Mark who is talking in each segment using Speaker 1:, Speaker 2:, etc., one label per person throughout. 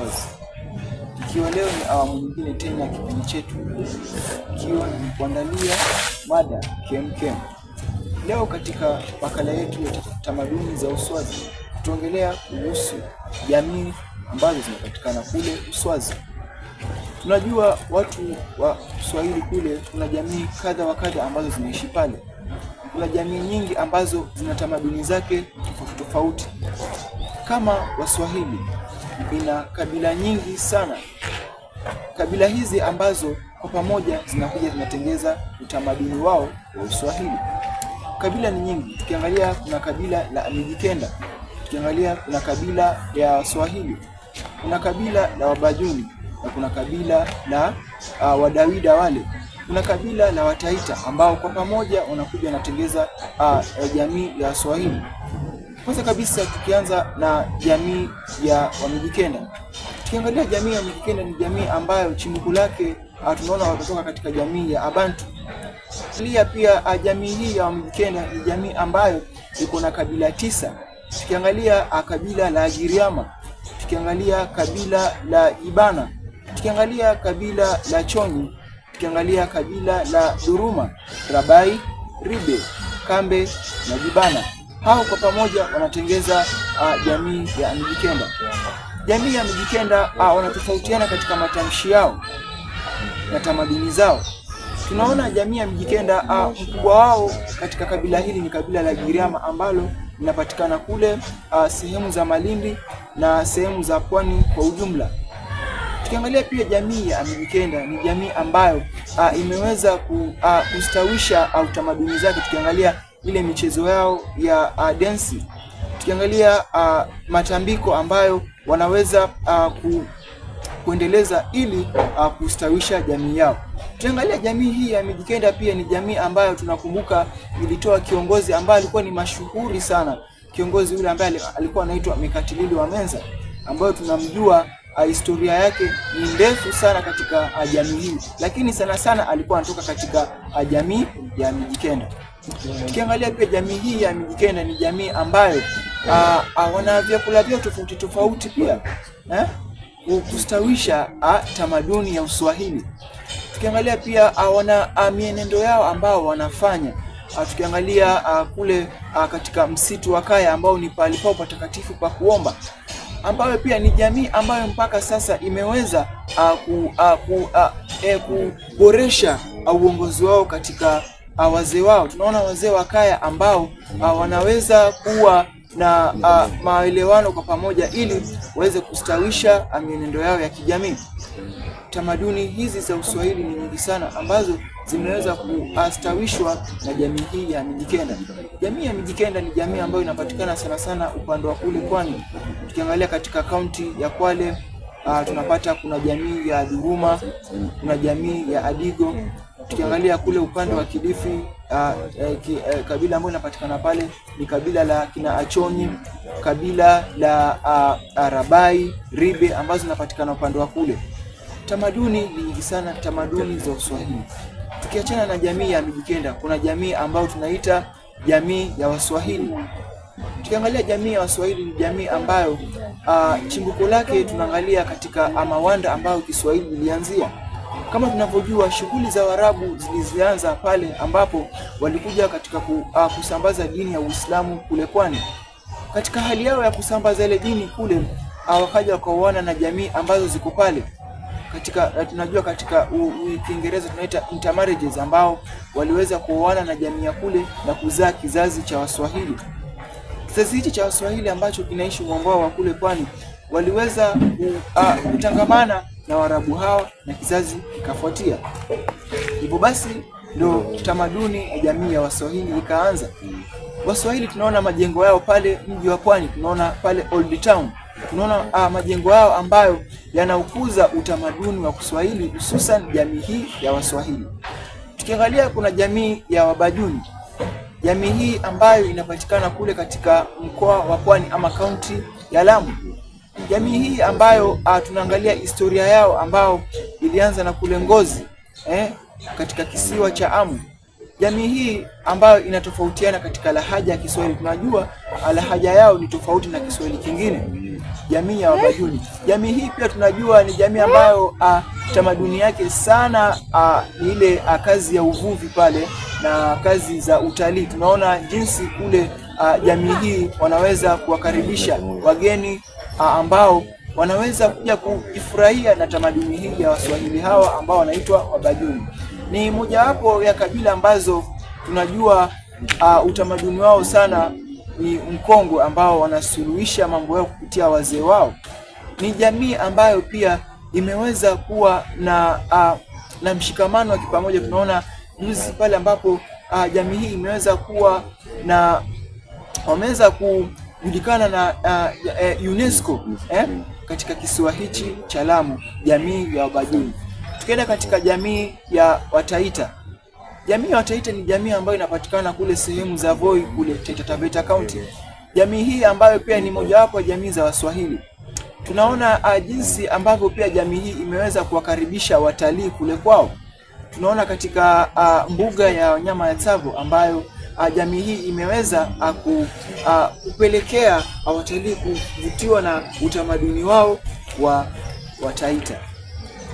Speaker 1: wasiwasi, ikiwa leo ni awamu nyingine tena ya kipindi chetu, ikiwa ni kuandalia mada kemkem. Leo katika makala yetu ya tamaduni za Uswazi tutaongelea kuhusu jamii ambazo zinapatikana kule Uswazi. Tunajua watu wa Kiswahili kule kuna jamii kadha wa kadha ambazo zinaishi pale. Kuna jamii nyingi ambazo zina tamaduni zake tofauti tofauti. Kama Waswahili ina kabila nyingi sana, kabila hizi ambazo kwa pamoja zinakuja zinatengeza utamaduni wao wa Uswahili. Kabila ni nyingi, tukiangalia kuna kabila la Mijikenda, tukiangalia kuna kabila ya Waswahili, kuna kabila la Wabajuni na kuna kabila la uh, Wadawida wale kuna kabila la Wataita ambao kwa pamoja wanakuja wanatengeza uh, jamii ya Waswahili. Kwanza kabisa tukianza na jamii ya Wamijikenda, tukiangalia jamii ya Wamijikenda ni jamii ambayo chimbuko lake ah, tunaona wametoka katika jamii ya Abantu. Pia pia ah, jamii hii ya Wamijikenda ni jamii ambayo iko na kabila tisa, tukiangalia ah, kabila la Giriama, tukiangalia kabila la Ibana, tukiangalia kabila la Chonyi, tukiangalia kabila la Duruma, Rabai, Ribe, Kambe na Jibana hao kwa pamoja wanatengeza uh, jamii ya Mijikenda. Jamii ya Mijikenda uh, wanatofautiana katika matamshi yao na tamaduni zao. Tunaona jamii ya Mijikenda uh, mkubwa wao katika kabila hili ni kabila la Giriama ambalo linapatikana kule uh, sehemu za Malindi na sehemu za pwani kwa ujumla. Tukiangalia pia jamii ya Mijikenda ni jamii ambayo uh, imeweza ku, uh, kustawisha uh, utamaduni zake tukiangalia ile michezo yao ya uh, densi. Tukiangalia uh, matambiko ambayo wanaweza uh, ku, kuendeleza ili uh, kustawisha jamii yao. Tukiangalia jamii hii ya Mijikenda pia ni jamii ambayo tunakumbuka ilitoa kiongozi ambaye alikuwa ni mashuhuri sana, kiongozi yule ambaye alikuwa anaitwa Mekatilili wa Menza, ambayo tunamjua uh, historia yake ni ndefu sana katika uh, jamii hii, lakini sana sana alikuwa anatoka katika uh, jamii ya Mijikenda. Ukiangalia pia jamii hii ya Mijikenda ni jamii ambayo ah, ah, wana vyakula vyao tofauti tofauti pia eh, kustawisha a, ah, tamaduni ya Uswahili. Tukiangalia pia wana mienendo yao ambao wanafanya a, tukiangalia a, kule a, katika msitu wa Kaya ambao ni pahali pao patakatifu pa kuomba ambayo pia ni jamii ambayo mpaka sasa imeweza a, ku, a, ku, a, e, eh, kuboresha uongozi wao katika Uh, wazee wao. Tunaona wazee wa kaya ambao uh, wanaweza kuwa na uh, maelewano kwa pamoja ili waweze kustawisha uh, mienendo yao ya kijamii. Tamaduni hizi za Uswahili ni nyingi sana ambazo zimeweza kustawishwa na jamii hii ya Mijikenda. Jamii ya Mijikenda ni jamii ambayo inapatikana sana sana upande wa kule pwani. Tukiangalia katika kaunti ya Kwale, uh, tunapata kuna jamii ya Duruma, kuna jamii ya Adigo Tukiangalia kule upande wa Kilifi a, ah, a, eh, ki, a, eh, kabila ambayo inapatikana pale ni kabila la kina Achoni, kabila la a, ah, Arabai, Ribe ambazo zinapatikana upande wa kule. Tamaduni ni nyingi sana, tamaduni za Uswahili. Tukiachana na jamii ya Mijikenda, kuna jamii ambayo tunaita jamii ya Waswahili. Tukiangalia jamii ya Waswahili ni jamii ambayo ah, chimbuko lake tunaangalia katika Amawanda ambayo Kiswahili ilianzia kama tunavyojua shughuli za Waarabu zilizoanza pale ambapo walikuja katika ku, a, ah, kusambaza dini ya Uislamu kule pwani. Katika hali yao ya kusambaza ile dini kule, ah, wakaja wakaoana na jamii ambazo ziko pale katika ah, tunajua katika Kiingereza tunaita intermarriages, ambao waliweza kuoana na jamii ya kule na kuzaa kizazi cha Waswahili. Kizazi hichi cha Waswahili ambacho kinaishi mwambao wa kule pwani waliweza kutangamana uh, na Waarabu hawa na kizazi kikafuatia. Hivyo basi ndo tamaduni ya jamii ya Waswahili ikaanza. Waswahili tunaona majengo yao pale mji wa Pwani, tunaona pale Old Town, tunaona ah, majengo yao ambayo yanaukuza utamaduni wa Kiswahili, hususan jamii hii ya Waswahili. Tukiangalia kuna jamii ya Wabajuni, jamii hii ambayo inapatikana kule katika mkoa wa Pwani ama kaunti ya Lamu jamii hii ambayo uh, tunaangalia historia yao ambao ilianza na kule Ngozi eh, katika kisiwa cha Amu. Jamii hii ambayo inatofautiana katika lahaja ya Kiswahili, tunajua ah, lahaja yao ni tofauti na Kiswahili kingine, jamii ya Wabajuni. Jamii hii pia tunajua ni jamii ambayo uh, tamaduni yake sana uh, ile uh, kazi ya uvuvi pale na kazi za utalii. Tunaona jinsi kule uh, jamii hii wanaweza kuwakaribisha wageni ambao wanaweza kuja kujifurahia na tamaduni hii ya Waswahili hawa ambao wanaitwa Wabajuni. Ni mojawapo ya kabila ambazo tunajua uh, utamaduni wao sana ni mkongwe ambao wanasuluhisha mambo yao kupitia wazee wao. Ni jamii ambayo pia imeweza kuwa na uh, na mshikamano wa kipamoja. Tunaona juzi pale ambapo uh, jamii hii imeweza kuwa na wameweza ku kujulikana na uh, uh, UNESCO eh, katika kisiwa hichi cha Lamu, jamii ya Wabajuni. Tukienda katika jamii ya Wataita, jamii ya Wataita ni jamii ambayo inapatikana kule sehemu za Voi kule Taita Taveta County. Jamii hii ambayo pia ni mojawapo ya jamii za Waswahili tunaona uh, jinsi ambavyo pia jamii hii imeweza kuwakaribisha watalii kule kwao. Tunaona katika uh, mbuga ya wanyama ya Tsavo ambayo Ah, jamii hii imeweza ah, ku, uh, kupelekea watalii kuvutiwa na utamaduni wao wa, wa Taita.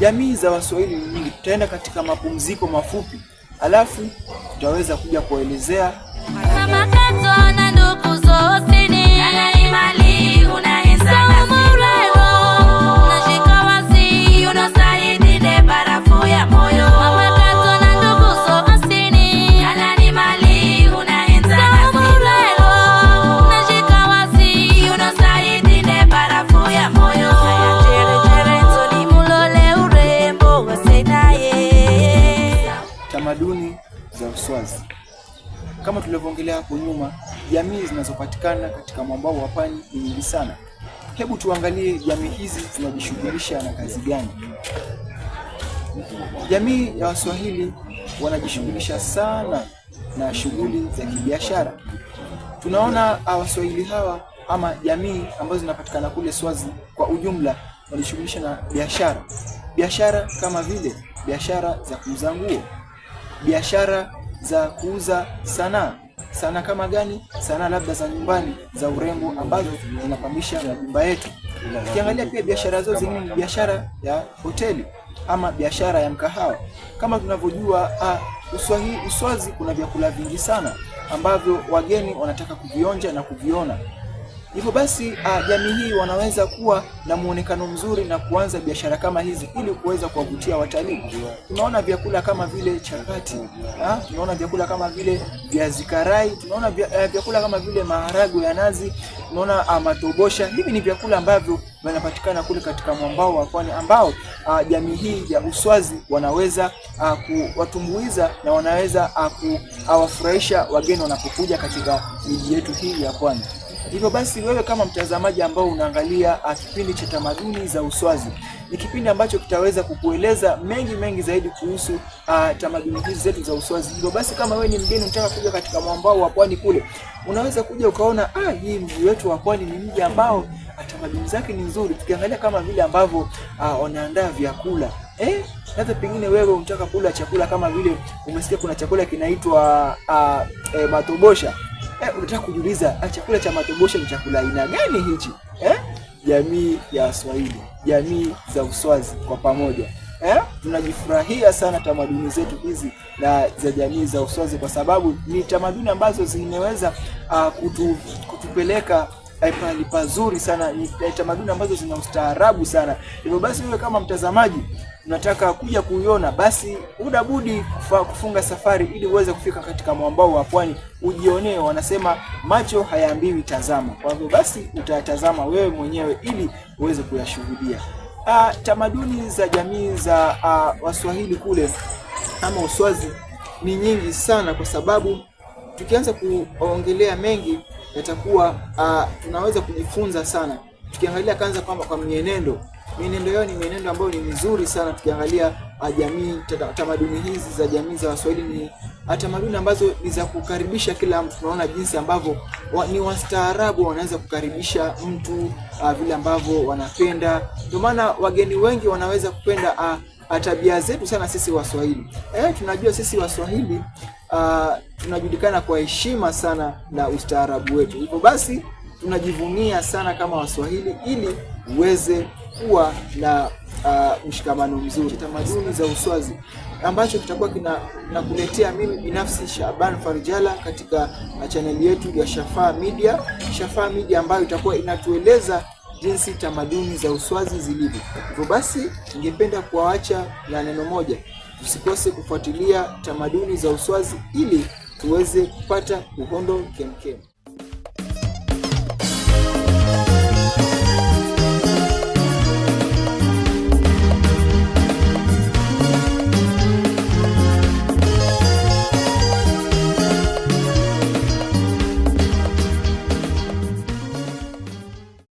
Speaker 1: Jamii za Waswahili ni nyingi. Tutaenda katika mapumziko mafupi, alafu tutaweza kuja kuelezea na ndugu zote Kama tulivyoongelea hapo nyuma, jamii zinazopatikana katika mwambao wa pwani ni nyingi sana. Hebu tuangalie jamii hizi zinajishughulisha na kazi gani? Jamii ya Waswahili wanajishughulisha sana na shughuli za kibiashara. Tunaona Waswahili hawa ama jamii ambazo zinapatikana kule Swazi kwa ujumla wanajishughulisha na biashara, biashara kama vile biashara za kuuza nguo, biashara za kuuza sanaa. Sanaa kama gani? Sanaa labda za nyumbani za urembo ambazo zinapambisha majumba yetu. Ukiangalia pia biashara zao zingine ni biashara ya hoteli ama biashara ya mkahawa. Kama tunavyojua uswahi Uswazi, kuna vyakula vingi sana ambavyo wageni wanataka kuvionja na kuviona. Hivyo basi ah, jamii hii wanaweza kuwa na muonekano mzuri na kuanza biashara kama hizi ili kuweza kuwavutia watalii. Tunaona vyakula kama vile chapati, ah, tunaona vyakula kama vile viazi karai, tunaona eh, vyakula kama vile maharagwe ya nazi, tunaona ah, matobosha. Hivi ni vyakula ambavyo vinapatikana kule katika mwambao wa pwani ambao jamii hii ya Uswazi wanaweza kuwatumbuiza na wanaweza kuwafurahisha wageni wanapokuja katika miji yetu hii ya pwani. Hivyo basi wewe kama mtazamaji ambao unaangalia ah, kipindi cha tamaduni za Uswazi, ni kipindi ambacho kitaweza kukueleza mengi mengi zaidi kuhusu uh, tamaduni hizi zetu za Uswazi. Hivyo basi kama wewe ni mgeni unataka kuja katika mwambao wa pwani kule, unaweza kuja ukaona, ah, hii mji wetu wa pwani ni mji ambao ah, tamaduni zake ni nzuri, tukiangalia kama vile ambavyo wanaandaa uh, vyakula eh? Hata pengine wewe unataka kula chakula kama vile umesikia kuna chakula kinaitwa uh, uh, eh, matobosha eh, unataka kujiuliza ah, chakula cha matobosho ni chakula aina gani hichi eh? Jamii ya Waswahili, jamii za Uswazi kwa pamoja eh, tunajifurahia sana tamaduni zetu hizi na za jamii za Uswazi kwa sababu ni tamaduni ambazo zimeweza uh, kutu, kutupeleka Eh, pahali pazuri sana, ni eh, tamaduni ambazo zina ustaarabu sana. Hivyo basi, wewe kama mtazamaji unataka kuja kuiona, basi huna budi kufunga safari ili uweze kufika katika mwambao wa pwani ujionee. Wanasema macho hayaambiwi tazama, kwa hivyo basi utayatazama wewe mwenyewe ili uweze kuyashuhudia. Ah, tamaduni za jamii za ah, Waswahili kule ama Uswazi ni nyingi sana, kwa sababu tukianza kuongelea mengi yatakuwa uh, tunaweza kujifunza sana. Tukiangalia kwanza kwamba kwa mienendo, mienendo yao ni mienendo ambayo ni mizuri sana. Tukiangalia ah, jamii, tamaduni hizi za jamii za Waswahili ni ah, tamaduni ambazo ni za kukaribisha kila mtu. Tunaona jinsi ambavyo wa, ni wastaarabu wanaweza kukaribisha mtu uh, vile ambavyo wanapenda. Ndio maana wageni wengi wanaweza kupenda uh, tabia zetu sana sisi Waswahili. Eh, tunajua sisi Waswahili uh, tunajulikana kwa heshima sana na ustaarabu wetu. Hivyo basi tunajivunia sana kama Waswahili ili uweze kuwa na uh, mshikamano mzuri, tamaduni za uswazi ambacho kitakuwa nakuletea mimi binafsi Shaban Farjala katika ah, chaneli yetu ya Shafaa Media, Shafaa Media ambayo itakuwa inatueleza jinsi tamaduni za uswazi zilivyo. Hivyo basi ningependa kuwaacha na neno moja tusikose kufuatilia tamaduni za uswazi ili tuweze kupata uhondo kemkem.